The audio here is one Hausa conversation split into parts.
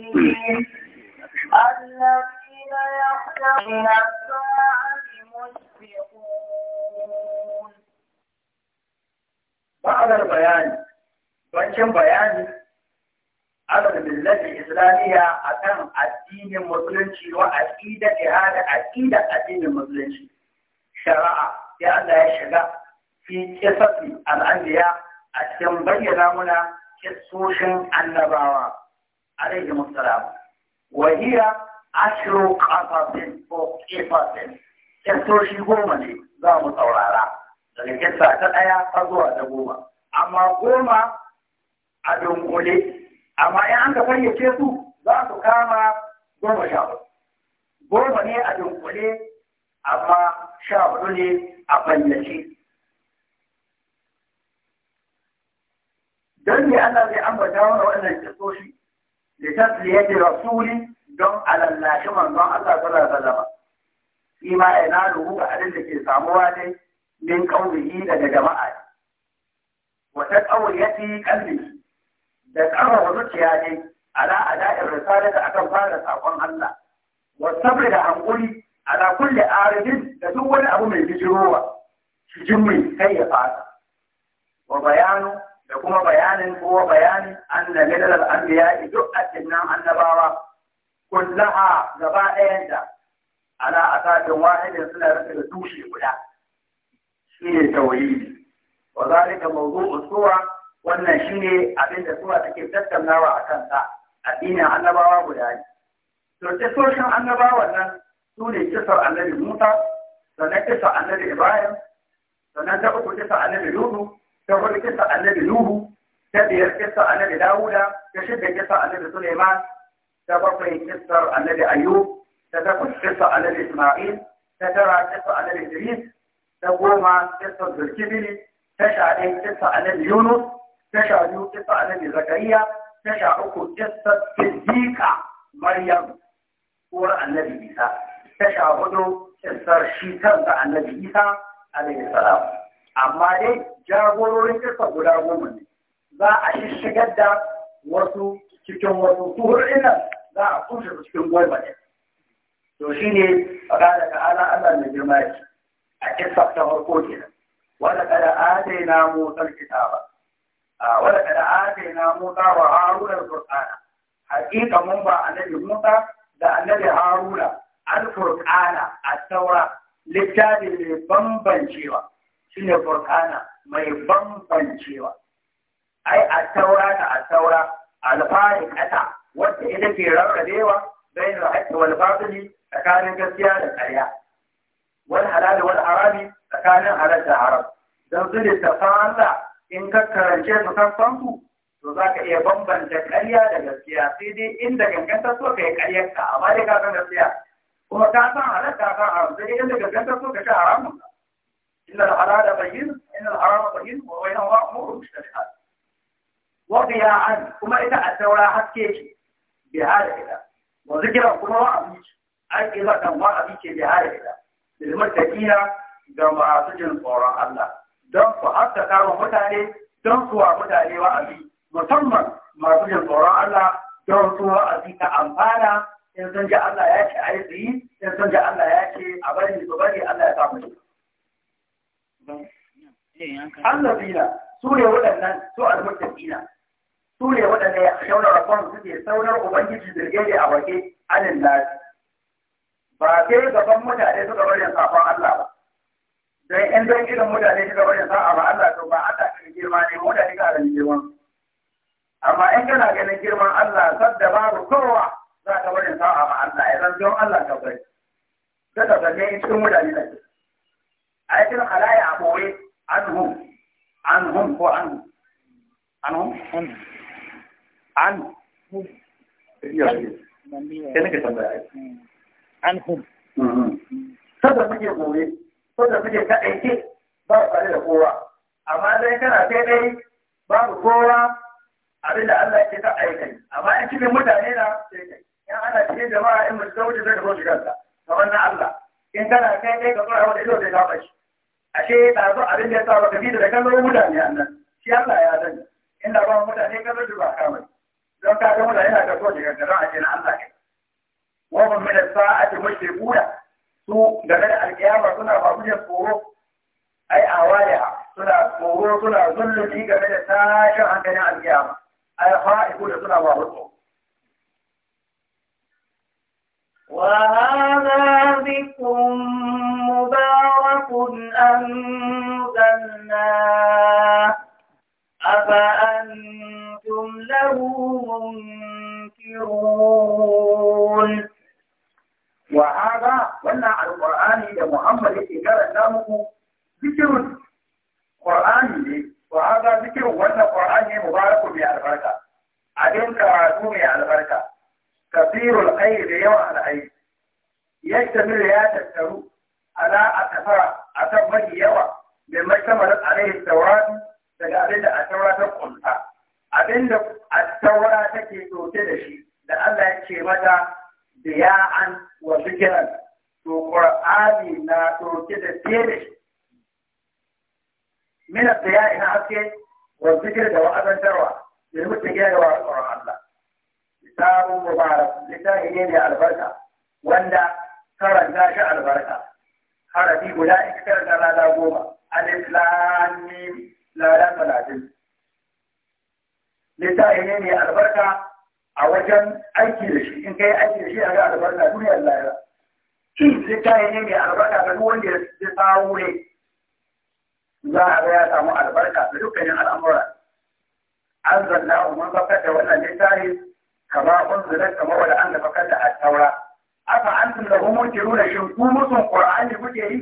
الذين يخشون الساعة bayani adad billahi islamiyya akan addinin musulunci wa aqida ihada aqida addinin musulunci shari'a ya Allah ya shiga fi kisasi al'anbiya a cikin bayyana muna kisoshin annabawa عليهم a وهي عشر قصص أو قصص كسوشي قومة ذا مطورارا daga kisa ta ɗaya har zuwa ta goma amma goma a dunkule amma in an ka fayyace su za su kama goma sha goma ne a dunkule amma sha hudu ne a fayyace don ne Allah zai ambata wani wannan kisoshi Likitan liyajirawa suni don a lallashi wannan aza kallon zazzaɓi. Sama'ai na rubuka alin da ke samu waje min da da jama'a. Wata tsauri ya ɗiƙa ne da tsama wa zuciya ne, a da a da'irar akan fara sakon Allah, wasu tabburi da 'Yanƙuri, ala za ku da duk wani abu mai bijirowa, su jimmai kai ya fasa, wa bayano. da kuma bayanin kowa bayanin an da gadar al'ambiya duk a cinnan annabawa kullaha gaba ɗayanta ala asatin wahidin suna rasa da tushe guda shi ne tauhidi wa a mawdu'u sura wannan ne abin da sura take tattaunawa a kansa addinin annabawa guda ne to kisoshin annabawan nan su ne kisar annabi Musa sannan kisar annabi Ibrahim sannan ta uku kisar annabi Dudu. ta wani kisa annabi Nuhu, ta biyar kisa annabi Dawuda, ta shidda kisa annabi Suleiman, ta bakwai kisar annabi Ayub, ta takwas kisa annabi Ismail, ta tara kisa annabi Idris, ta goma kisar Zulkifili, ta sha ɗaya kisa annabi Yunus, ta sha biyu kisa annabi Zakariya, ta sha uku kisar Siddiqa Maryam, uwar annabi Isa, ta sha hudu kisar shi kansa annabi Isa, alaihi salam. amma dai jagororin kirka guda goma ne za a shigar da wasu cikin wasu tuhur nan za a kushe su cikin goma ne to shi ne faɗa da ta'ala Allah mai girma ya a kisa ta farko kenan wanda kada adaina motsar kitaba wanda kada adaina motsa wa haruna furqana hakika mun ba annabi musa da annabi haruna al-furqana a saura littafi mai bambancewa ne furkana mai bambancewa ai a taura ta a taura alfahari kata wadda ita ke rarrabewa bai na haqqi wal batil tsakanin gaskiya da karya. Wani halal wal harami tsakanin halal da haram Don su da tafalla in ka karance su kan sanku to za ka iya bambanta ƙarya da gaskiya sai dai inda ganganta so ka yi ƙaryar ka amma dai ka san gaskiya kuma ka san halal ka san haram sai dai inda ganganta so ka ci haramun ka إن الحلال بين إن الحرام بين وبينهما أمور مشتبهات وضياعا كما إذا أتوا حكيك بهذا كذا وذكر كما وأبيك أي إذا كان وأبيك بهذا كذا للمتقين جمع سجن صورا الله don su haskaka wa mutane don su wa mutane wa'azi musamman masu jin tsoron Allah don su wa'azi amfana in sun ji Allah ya ce a yi in sun ji Allah ya ce a bari bari Allah ya samu allazina su ne waɗannan su almuttaqina su ne waɗanda ya shauna rabban ke saunar ubangiji zirgege a wake anin lafi ba sai gaban mutane suka bari safon Allah ba dan in dan irin mutane suka bari sa'a ba Allah to ba Allah kan girma ne mutane ka ganin girma amma in kana ganin girman Allah sadda babu kowa za ka bari sa'a ba Allah idan don Allah ka bari kada ka ga cikin mutane da ke ayatul khalaya a boye anhum anhum ko an anhum an an kene ke tambaya anhum saboda muke gobe saboda muke ka aike ba tare da kowa amma dai kana sai dai babu kowa abin da Allah ke ta aikai amma in cikin mutane na sai kai in ana cikin jama'a in mutum da zai ka zo shi kansa kamar na Allah in kana kai kai ka tsora wani ido zai kafa shi ashe zo abin da ya sa baka bi da kallon mutane a nan shi Allah ya sani inda ba mutane kallon da ba kamar don ka ga mutane na kaso da kankara a cikin Allah kai wa hum min as-sa'ati mushrikuna su game da alƙiyama suna babu da tsoro ai awaya suna tsoro suna zulmi game da tashin hankalin alƙiyama ai fa'iku da suna babu tsoro وهذا ذكر مبارك نكن أنزلناه أفأنتم له منكرون وهذا ولا القرآن ده محمد إذا نامه ذكر قرآن وهذا ذكر ولا قرآن مبارك بالبركة abin karatu mai albarka, kasirul kai da yawan al'ai, yadda mil ya tattaru, ala a tafara ta mafi yawa mai makamar alaihi tawari daga abin da a taura ta kunta abin da a taura take ɗauke da shi da Allah ya ce mata da biya'an wa zikiran to qur'ani na ɗauke da tere min biya'i na haske wa zikir da wa'azantarwa da mutum ya yawa tsoron Allah Sabon mubarak littafi ne mai albarka wanda karanta shi albarka harafi guda in ka karanta lada goma alif lam mim lada talatin littafi ne mai albarka a wajen aiki da shi in kai aiki da shi a ga albarka duniya lahira littafi ne mai albarka ga duk wanda ya sawo ne za a ga ya samu albarka da dukkanin al'amura an zanna umar bakar da wannan littafi kama unzila kama wanda an da bakar da a taura afa antum lahu munkiruna shin ku musun qur'ani kuke yi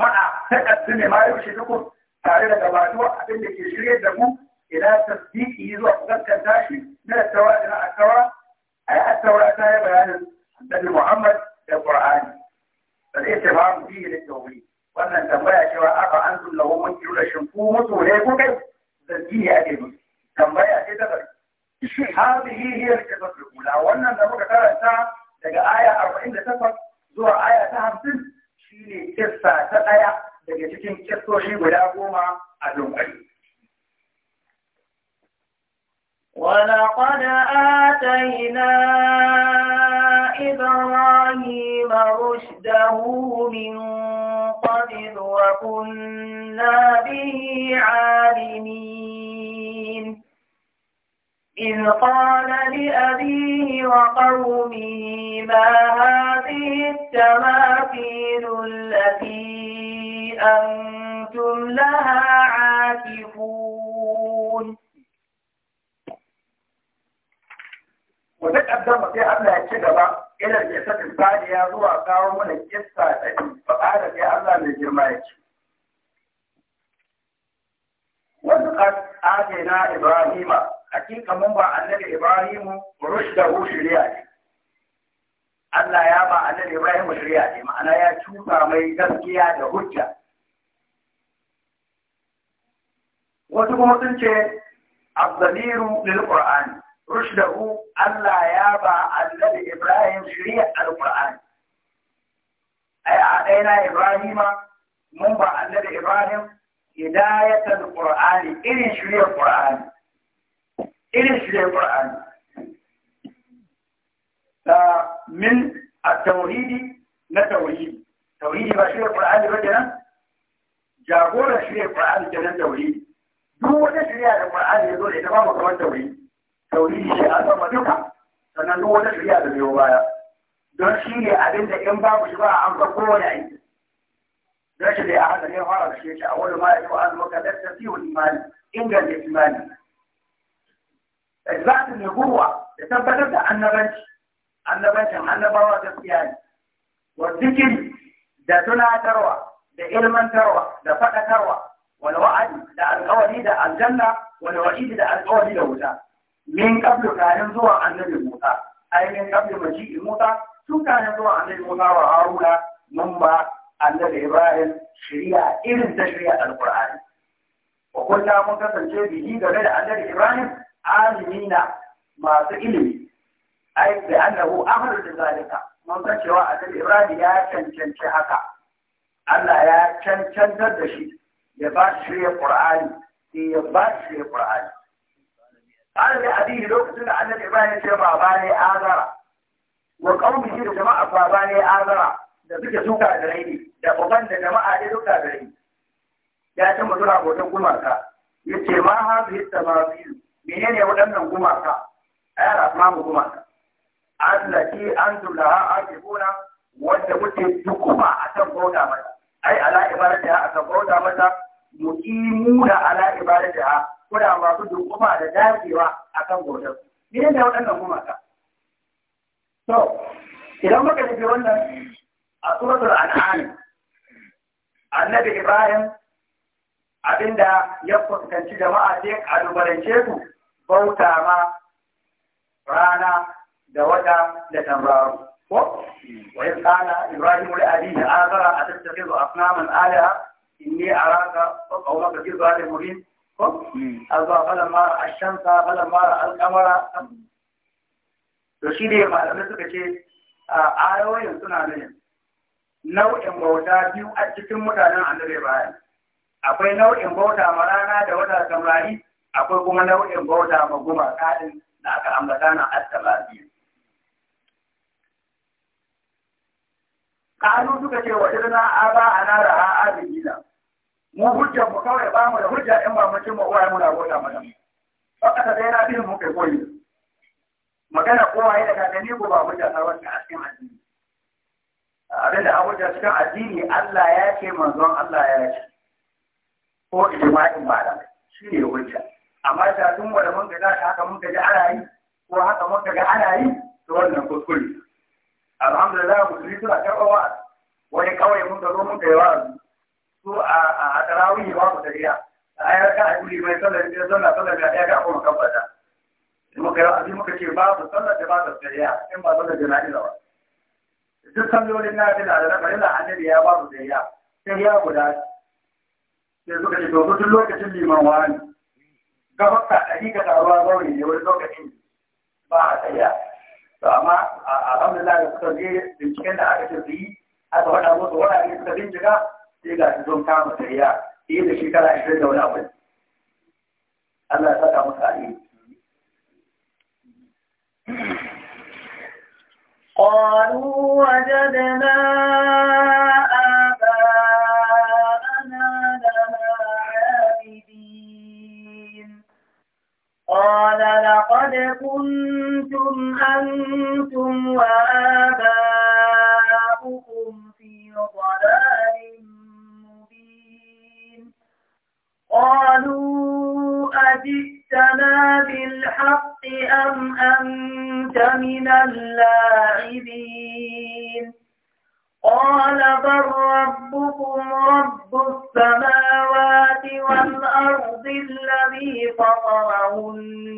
ma'a taqaddumi ma yushriku tare da gabatuwa abin da ke shirya da idan ila tasdiqi zuwa gaskanta shi da tawa da atawa ai atawa ta yi bayanin annabi Muhammad da ce Qur'ani bal ittifaq bihi litawhid wannan tambaya cewa afa antum lahu munkiruna shin ku musu ne ku kai tasdiqi ake musu tambaya ce ta bari هذه هي القصة wannan da muka كانت Daga aya, arba'in da takwas zuwa aya ta hamsin shi ne kessa ta ɗaya daga cikin kessoshi guda goma a duniyoyi. Wane kwada a teyena idan wani marush da wumin kwashewar kunna biyu a cikin إذ قال لأبيه وقومه ما هذه التماثيل التي أنتم لها عاكفون وتقدم في أبنى الشجرة إلى الجسد الثانية هو قوم الجسة فقال في أبنى الجرمات وذكر آتينا إبراهيم hakika mun ba annabi Ibrahim hu shari'a ne Allah ya ba annabi Ibrahim shari'a ne ma'ana ya tuka mai gaskiya da hujja wasu kuma sun ce abdaliru lil qur'an hu, Allah ya ba annabi Ibrahim shari'a al-qur'an ay a daina Ibrahima mun ba annabi Ibrahim hidayatul qur'ani irin shari'ar qur'ani irin shi ne Qur'ani ta min at-tauhidi na tauhidi Tauridi ba shi ne Qur'ani ba kenan jagora shi ne Qur'ani kenan tauhidi duk wata shirya da Qur'ani ya zo da ita ba mu kamar tauhidi Tauridi shi a sama duka sannan duk wata shirya da biyo baya don shi ne abin da in babu shi ba a amsa kowane aiki don shi ne a hada ne fara da shi ya ce a wani ma'aikata an maka da tafiyon imani inganta imani zatin nubuwa da tabbatar da annabanci annabancin annabawa gaskiya ne wa zikiri da tunatarwa da ilmantarwa da faɗakarwa wani wa'adi da alƙawari da aljanna wani wa'idi da alƙawari da wuta min kablu kayan zuwa annabi musa ai min kablu maji musa tun kayan zuwa annabi musa wa haruna mun ba annabi ibrahim shari'a irin ta shari'a alƙur'ani wa kullum mun kasance bihi game da annabi ibrahim alimina masu ilimi ai da annabu, amru da zalika mun san cewa annabi Ibrahim ya cancanci haka Allah ya cancantar da shi ya ba shi ya Qur'ani eh, ya ba shi ya Qur'ani قال لأبيه لوكتن أن الإبراهيم شيء باباني آذرا وقومه da jama'a babane azara da suke suka da raini da uban da jama'a da suka da raini ya ce mutura hoton gumaka ya ce ma hazu hitta ma biyu menene waɗannan gumaka ayar asmamu gumaka allati antum laha aqibuna wanda muke dukuma kan bauta mata ai ala a kan bauta mata muqimuna ala ibadatiha kuna masu dukuma da dacewa akan bautar menene waɗannan gumaka to idan muka tafi wannan a suratul an'am annabi ibrahim abinda ya fuskanci jama'a a dubarance su bauta ma rana da wata da tambaru. ko wa in qala ibrahim li abihi azara zuwa asnaman alaha inni araka wa qawmaka zuwa da murin ko hmm. azza falamma ash-shamsa falamma mara alkamara. to shi ne malamai suka ce a ayoyin suna nuna nau'in bauta biyu a cikin mutanen annabi bayan akwai nau'in bauta ma rana da wata samari akwai kuma nau'in bauta ma gumaka din da aka ambata na at-tabazi kanu suka ce wa a aba a ra'a gina. mu hujjar mu kawai ba mu da hujja in ba mutum mu uwaye mu na bauta mana fakata da yana bin mu kai koyi magana kowa ya daga gani ko ba hujja ta wanda a cikin addini abin da abuja cikin addini Allah ya ce manzon Allah ya ce ko ba da? shi ne hujja amma da tun wanda mun ga ta haka mun ga ji ana yi ko haka mun ga ana yi to wannan kuskure alhamdulillah musulmi suna karɓa wa wani kawai mun ga zo mun ga yawa su a tarawih ba mu Da a ya ka a guri mai sallar da zalla sallar da ya ga kuma kabbata muka yi abin muka ce babu sallar da ba ta tariya in ba sallar jana'iza ba duk sallolin na fi da rafa yana annabi ya babu tariya sai ya guda sai suka ce to duk lokacin liman wani gabar ka ɗari ka taruwa zaune ne wani lokacin ba a tsaya to amma alhamdulillah da suka je binciken da aka ce su yi aka faɗa musu wurare suka bincika sai ga su sun kama tsaya Sai da shekara ashirin da wani abu Allah ya saka musu alheri قالوا وجدنا من اللاعبين قال بل ربكم رب السماوات والأرض الذي فطرهن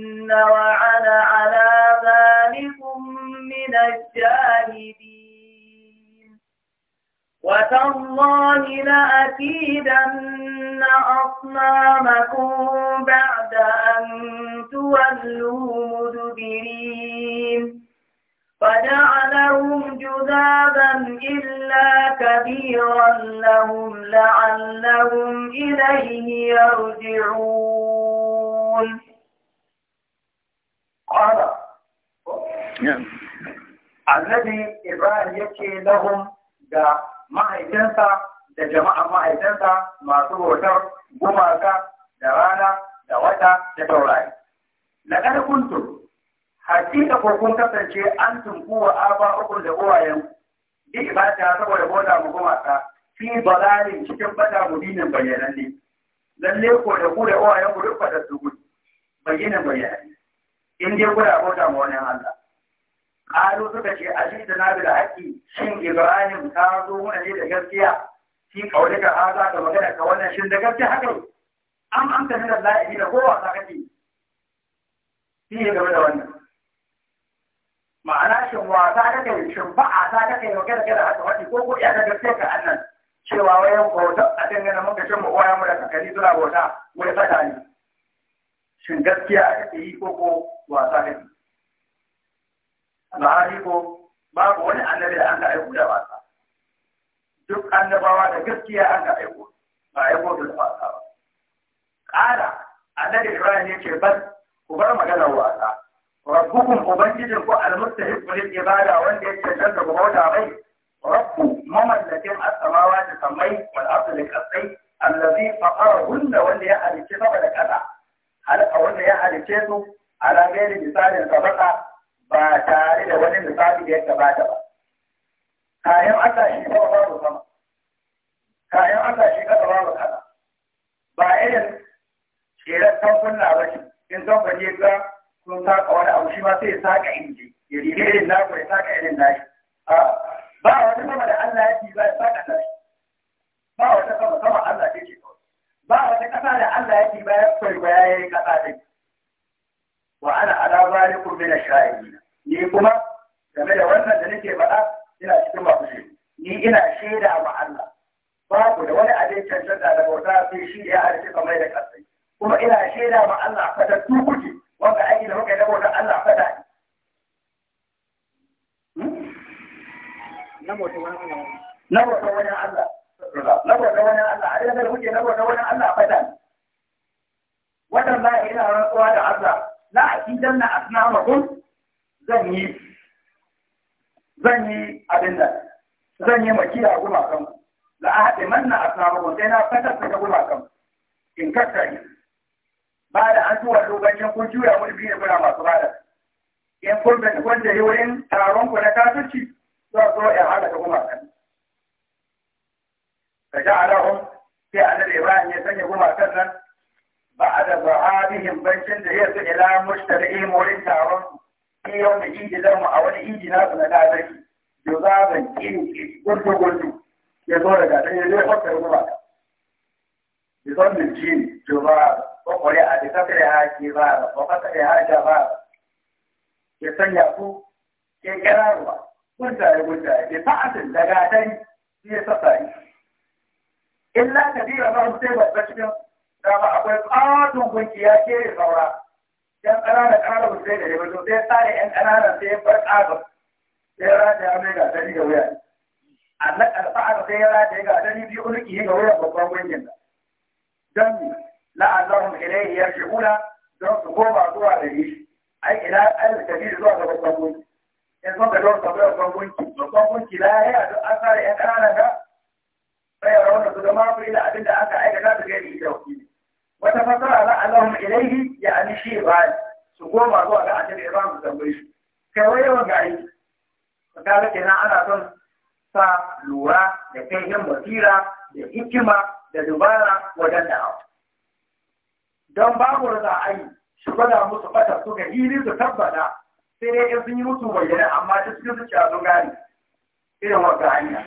annabi ibrahim yake lahun da mahaifinsa da jama'a mahaifinsa masu bautar gumaka da rana da wata da taurari Na kuntum hakika ko kun kasance an wa aba uku da uwayen bi ibada saboda bota mu gumaka fi balalin cikin bada dinin bayanan ne lalle ko da ku da uwayen ku duk fada su gudu bayanan bayanan in dai kuna bota mu wani Allah kalu suka ce a shi da nabi da haƙƙi shin ibrahim ta zo mana ne da gaskiya shi kaure ka haza ga magana ka wannan shin da gaskiya haka am an ta nuna la'ibi da kowa ka kake shi ne game da wannan ma'ana shin wasa ka kai shin ba a ta ka kai magana kada aka faɗi ko ko iya ta gaskiya ka annan cewa wayan bauta a kan dangana muka shan mu uwayen mu da kakari suna bauta wai saka ne shin gaskiya aka yi ko ko wasa kake ko babu wani annabi da an ga aiko da wasa duk annabawa da gaskiya an ga aiko ba aiko da wasa ba ƙara annabi ibrahim ya ce bas ku bar maganar wasa rabbukum ubangijin ku almustahib lil ibada wanda ya cancanta ku bauta mai rabbu mamallakin as da samai wal ardi kasai allazi faqarahunna wanda ya halice sama da kada halaka wanda ya halice su ala gairi misalin sabaka ba tare da wani misali da ya gabata ba kayan Allah shi sama ba sama kayan Allah shi kasa babu kasa ba irin shirar kunna ba ce in ne ga sun saka wani abu shi ma sai ya saka inji ya rike irin naku ya saka irin nashi ba wani sama da Allah ya ci ba ya saka nashi asnamahum zan yi zan yi abin da zan yi a gumakan la ahadi manna asnamahum sai na fatar ta gumakan in kakkare ba da an zuwa lokacin kun juya mun biyu kuna masu bada in kun bin kun da wurin taron ku na kafirci zuwa zo ya hada ta gumakan da ja'alahum sai annabi Ibrahim ya sanya gumakan nan بعد ذهابهم بيتن da yasu ila mushtari'i wurin taron in yau da idi a wani idi na su na labari da zaben kiri gurdu gurdu ya zo daga ɗan ya zai hokkar zuwa da zon da jini to ba kwakwari a da kasar ya haƙi ba ba ya haƙa ba ya sanya ku ya kira ruwa guntaye guntaye da fa'atin daga ɗan ya sassa ni illa kabira ba sai babba cikin dama akwai ƙaton gunki ya ke saura yan ƙananan ƙananan ba sai da ya bato sai tsare yan ƙananan sai ya bar ƙaton sai ya rata ya mai gasari da wuya a na aka sai ya rata ya gasari biyu ulki ga wuyan babban gunkin da don la'allahum ilaihi yarji'una don su koma zuwa da shi ai ila ta biyu zuwa ga babban gunki in sun ka don su bai babban gunki babban gunki lahiya don an tsare yan ƙananan Sai ya rauna su da mafi da abin da aka aikata su gari da wakili wata fasara na Allahum ilaihi ya ani shi ibadi su goma zuwa ga annabi ba su tambaye shi kai wai yawan ga aiki kaga kenan ana son sa lura da kai yin basira da hikima da dubara wajen da'awa don babu da za a yi shi musu fata su ga hili su tabbata sai dai in sun yi mutu bayyana amma duk sun zuciya sun gane irin wata hanya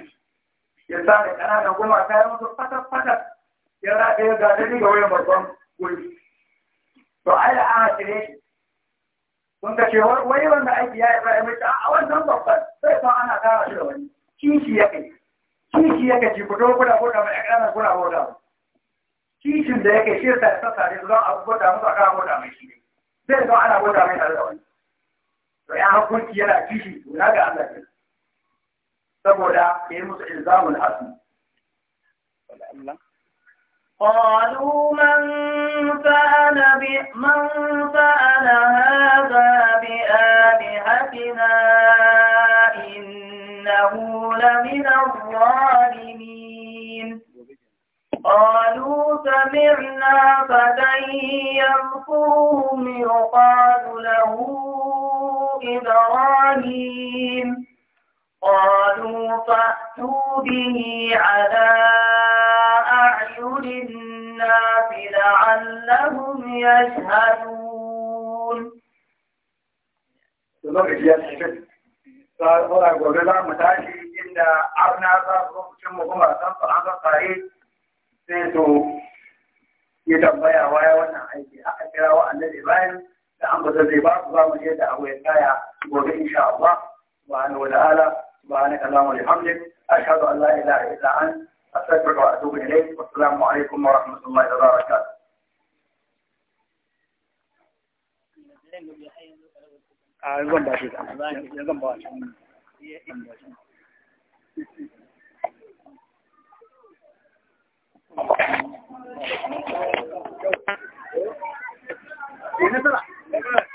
ya sa da ƙananan goma ta yi musu fata fata ga dani ga to ai da an hasire shi kun ka ce wanda aiki ya yi ba mai ta a wannan babban sai kuma ana kara shi da wani kishi ya kai kishi ya kai ku to kuna kuna mai ƙanan kuna hoda kishin da yake shi yasa ya sassa ne don abu gwada musu a mai shi zai zama ana gwada mai tare da wani to ya hukunci yana kishi na ga Allah ne saboda ya yi musu ilzamun asmi. قالوا من فعل, من فعل هذا بآلهتنا إنه لمن الظالمين قالوا سمعنا فتى يذكرهم يقال له إبراهيم قالوا فأتوا به على أعين الناس لعلهم يشهدون Saboda gobe za mu tashi inda arna za su lokacin mu kuma an sai to yi tambaya waya wannan aiki A kirawa wa bayan da an zai ba su ba mu da abu kaya gobe insha Allah subhanahu أستغفرك وأتوب إليك والسلام عليكم ورحمة الله وبركاته zan ba shi zan ba shi Thank you.